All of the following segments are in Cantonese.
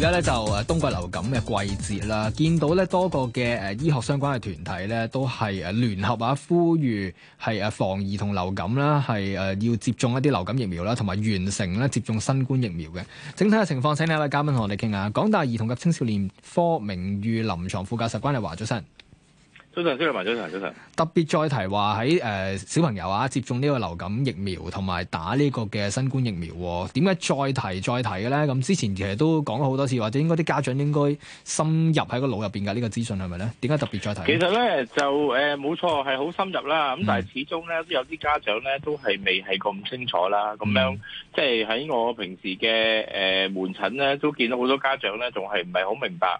而家咧就誒冬季流感嘅季節啦，見到咧多個嘅誒醫學相關嘅團體咧，都係誒聯合啊，呼籲係誒防兒童流感啦，係誒要接種一啲流感疫苗啦，同埋完成咧接種新冠疫苗嘅整體嘅情況。請呢位嘉賓同我哋傾下。港大兒童及青少年科名譽臨床副教授關日華，早晨。早晨，歡迎早晨，特別再提話喺誒小朋友啊，接種呢個流感疫苗同埋打呢個嘅新冠疫苗、啊，點解再提再提嘅咧？咁之前其實都講咗好多次，或者應該啲家長應該深入喺個腦入邊嘅呢個資訊係咪咧？點解特別再提呢？其實咧就誒冇、呃、錯係好深入啦，咁但係始終咧都有啲家長咧都係未係咁清楚啦。咁樣、嗯、即係喺我平時嘅誒、呃、門診咧，都見到好多家長咧，仲係唔係好明白？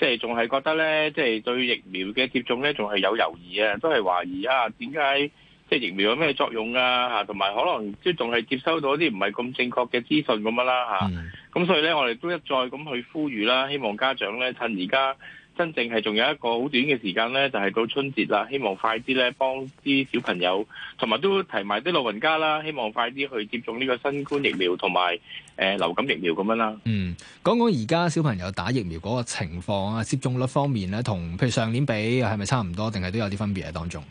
即係仲係覺得咧，即係對疫苗嘅接種咧，仲係有猶豫啊，都係懷疑啊，點解即係疫苗有咩作用啊？嚇，同埋可能即仲係接收到一啲唔係咁正確嘅資訊咁樣啦嚇。咁、啊嗯、所以咧，我哋都一再咁去呼籲啦、啊，希望家長咧趁而家。真正係仲有一個好短嘅時間呢，就係到春節啦。希望快啲呢，幫啲小朋友同埋都提埋啲老人家啦，希望快啲去接種呢個新冠疫苗同埋誒流感疫苗咁樣啦。嗯，講講而家小朋友打疫苗嗰個情況啊，接種率方面呢，同譬如上年比係咪差唔多，定係都有啲分別喺當中？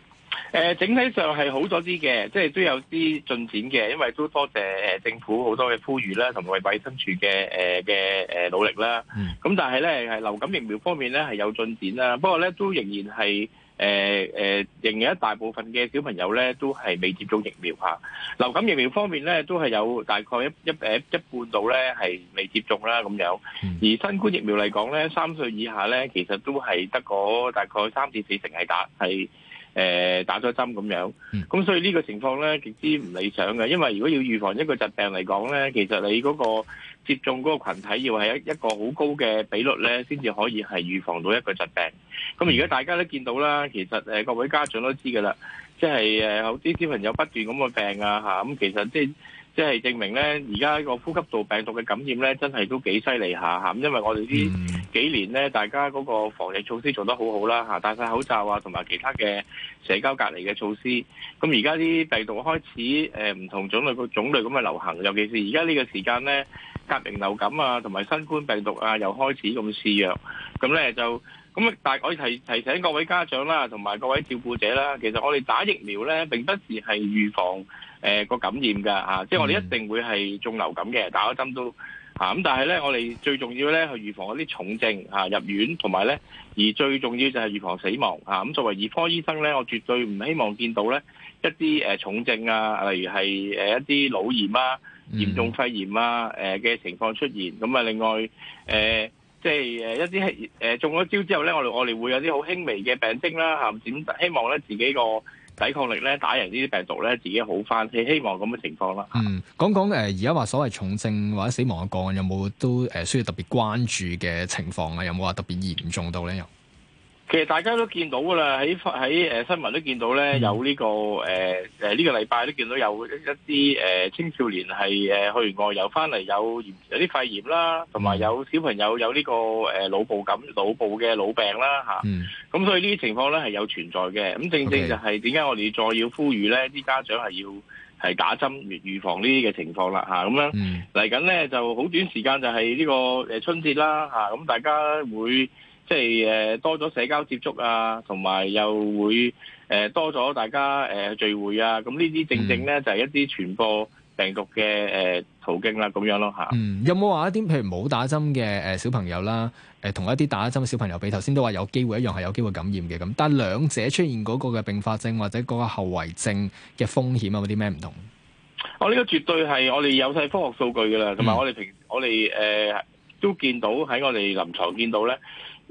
誒整體上係好咗啲嘅，即係都有啲進展嘅，因為都多謝誒政府好多嘅呼籲啦，同埋衞生署嘅誒嘅誒努力啦。咁但係咧，係流感疫苗方面咧係有進展啦，不過咧都仍然係誒誒仍然一大部分嘅小朋友咧都係未接種疫苗嚇。流感疫苗方面咧都係有大概一一一半度咧係未接種啦咁樣。而新冠疫苗嚟講咧，三歲以下咧其實都係得個大概三至四成係打係。誒打咗針咁樣，咁所以呢個情況咧極之唔理想嘅。因為如果要預防一個疾病嚟講咧，其實你嗰個接種嗰個羣體要係一一個好高嘅比率咧，先至可以係預防到一個疾病。咁而家大家都見到啦，其實誒各位家長都知㗎啦，即係誒有啲小朋友不斷咁個病啊嚇，咁其實即即係證明咧，而家個呼吸道病毒嘅感染咧，真係都幾犀利下嚇。因為我哋啲，幾年咧，大家嗰個防疫措施做得好好啦，嚇戴曬口罩啊，同埋其他嘅社交隔離嘅措施。咁而家啲病毒開始誒唔同種類個種類咁嘅流行，尤其是而家呢個時間咧，甲型流感啊，同埋新冠病毒啊，又開始咁肆虐。咁咧就咁，但係我提提醒各位家長啦，同埋各位照顧者啦，其實我哋打疫苗咧，並不是係預防誒個感染㗎嚇，即係我哋一定會係中流感嘅，打咗針都。啊！咁但係咧，我哋最重要咧係預防一啲重症嚇、啊、入院，同埋咧，而最重要就係預防死亡嚇。咁、啊、作為兒科醫生咧，我絕對唔希望見到咧一啲誒重症啊，例如係誒一啲腦炎啊、嚴重肺炎啊誒嘅、呃、情況出現。咁啊，另外誒即係誒一啲誒、呃、中咗招之後咧，我我哋會有啲好輕微嘅病徵啦、啊，嚇、啊，希望咧自己個抵抗力咧打贏呢啲病毒咧自己好返，係希望咁嘅情況啦。嗯，講講誒而家話所謂重症或者死亡嘅個案有冇都誒需要特別關注嘅情況啊？有冇話特別嚴重到咧？其實大家都見到噶啦，喺喺誒新聞都見到咧，嗯、有呢、呢個誒誒呢個禮拜都見到有一啲誒、呃、青少年係誒、呃、去完外遊翻嚟有有啲肺炎啦，同埋有小朋友有呢、呢個誒腦部感腦部嘅腦病啦吓。咁、啊嗯嗯、所以呢啲情況咧係有存在嘅。咁正正就係點解我哋再要呼籲咧，啲家長係要係打針預防呢啲嘅情況啦吓。咁樣嚟緊咧就好短時間就係呢個誒春節啦吓，咁、啊、大家會。即係誒、呃，多咗社交接觸啊，同埋又會誒、呃、多咗大家誒、呃、聚會啊，咁呢啲正正咧就係、是、一啲傳播病毒嘅誒、呃、途徑啦，咁樣咯吓。嗯，有冇話一啲譬如冇打針嘅誒小朋友啦，誒、呃、同一啲打針嘅小朋友比，比頭先都話有機會一樣係有機會感染嘅咁，但係兩者出現嗰個嘅併發症或者嗰個後遺症嘅風險啊，有啲咩唔同？我呢、哦這個絕對係我哋有晒科學數據噶啦，同埋我哋平時、嗯、我哋誒、呃、都見到喺我哋臨床見到咧。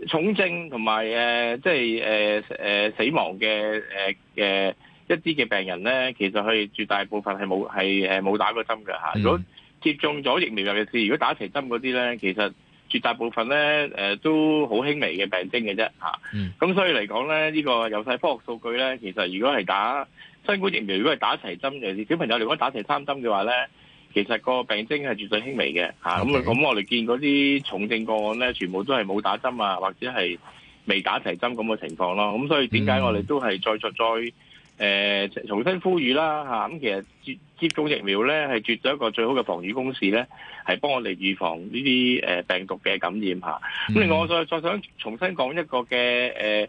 重症同埋誒，即係誒誒死亡嘅誒誒一啲嘅病人咧，其實佢絕大部分係冇係係冇打過針㗎嚇。如果接種咗疫苗尤其是如果打齊針嗰啲咧，其實絕大部分咧誒、呃、都好輕微嘅病徵嘅啫嚇。咁、啊嗯、所以嚟講咧，呢、呢個有細科學數據咧，其實如果係打新冠疫苗，如果係打齊針尤其是小朋友，如果打齊三針嘅話咧。其實個病徵係絕對輕微嘅。吓，咁咁我哋見嗰啲重症個案咧，全部都係冇打針啊，或者係未打齊針咁嘅情況咯。咁、啊、所以點解我哋都係再再誒、呃、重新呼籲啦，吓、啊、咁其實接接種疫苗咧係絕對一個最好嘅防禦工事咧，係幫我哋預防呢啲誒病毒嘅感染吓。咁、啊嗯、另外我再再想重新講一個嘅誒、呃、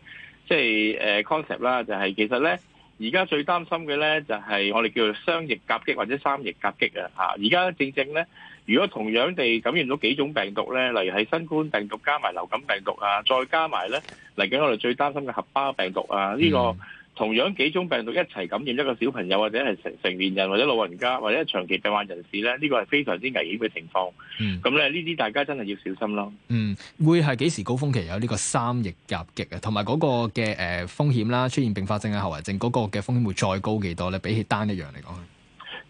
即係誒、呃、concept 啦，就係、是、其實咧，而家最擔心嘅呢，就係、是、我哋叫做雙疫夾擊或者三疫夾擊啊！嚇，而家正正呢，如果同樣地感染到幾種病毒呢，例如係新冠病毒加埋流感病毒啊，再加埋呢嚟緊我哋最擔心嘅合胞病毒啊，呢、這個。嗯同樣幾種病毒一齊感染一個小朋友或者係成成年人或者老人家或者係長期病患人士咧，呢個係非常之危險嘅情況。咁咧呢啲大家真係要小心咯。嗯，會係幾時高峰期有呢個三疫夾擊啊？同埋嗰個嘅誒、呃、風險啦，出現併發症啊、後遺症嗰、嗰個嘅風險會再高幾多咧？比起單一樣嚟講，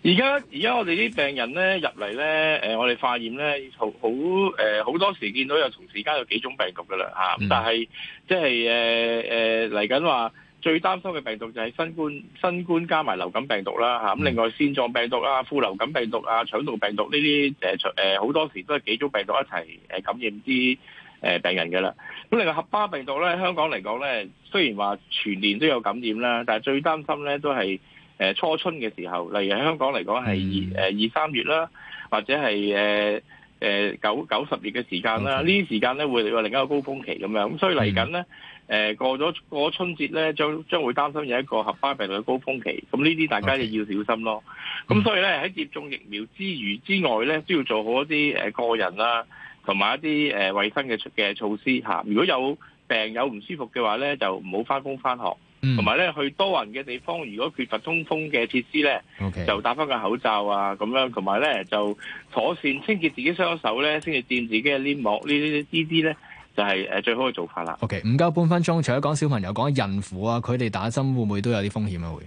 而家而家我哋啲病人咧入嚟咧，誒、呃、我哋化驗咧，好好誒好、呃、多時見到有同時加有幾種病毒噶啦嚇。咁、啊、但係即係誒誒嚟緊話。呃呃最擔心嘅病毒就係新冠、新冠加埋流感病毒啦，嚇咁、嗯。另外腺狀病毒啊、副流感病毒啊、腸道病毒呢啲，誒誒好多時都係幾種病毒一齊誒感染啲誒、呃、病人㗎啦。咁另外合胞病毒咧，香港嚟講咧，雖然話全年都有感染啦，但係最擔心咧都係誒、呃、初春嘅時候，例如喺香港嚟講係二誒二三月啦，或者係誒。呃誒九九十月嘅時間啦，嗯、間呢啲時間咧會到另一個高峰期咁樣，咁所以嚟緊咧誒過咗過咗春節咧，將將會擔心有一個合胞病毒嘅高峰期，咁呢啲大家亦要小心咯。咁、嗯、所以咧喺接種疫苗之餘之外咧，都要做好一啲誒個人啦、啊，同埋一啲誒衞生嘅出嘅措施嚇、啊。如果有病有唔舒服嘅話咧，就唔好翻工翻學。同埋咧，去多人嘅地方，如果缺乏通風嘅設施咧，OK。就打翻個口罩啊，咁樣，同埋咧就妥善清潔自己雙手咧，先至掂自己嘅黏膜呢啲呢啲咧，就係誒最好嘅做法啦。OK，唔夠半分鐘，除咗講小朋友，講孕婦啊，佢哋打針會唔會都有啲風險啊？會？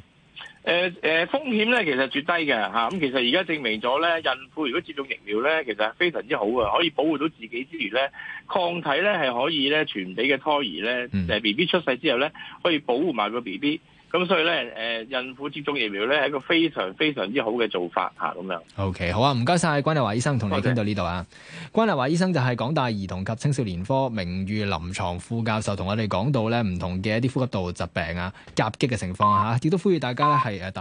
誒誒、呃、風險咧其實絕低嘅吓，咁、啊、其實而家證明咗咧，孕婦如果接種疫苗咧，其實係非常之好嘅，可以保護到自己之餘咧，抗體咧係可以咧傳俾嘅胎兒咧，誒 B B 出世之後咧，可以保護埋個 B B。咁所以咧，誒、呃，孕婦接種疫苗咧係一個非常非常之好嘅做法吓。咁樣 OK，好啊，唔該晒。關日華醫生同你傾到呢度啊。的關日華醫生就係港大兒童及青少年科名譽臨床副教授，同我哋講到咧唔同嘅一啲呼吸道疾病啊、夾擊嘅情況吓、啊，亦都呼籲大家咧係。誒、呃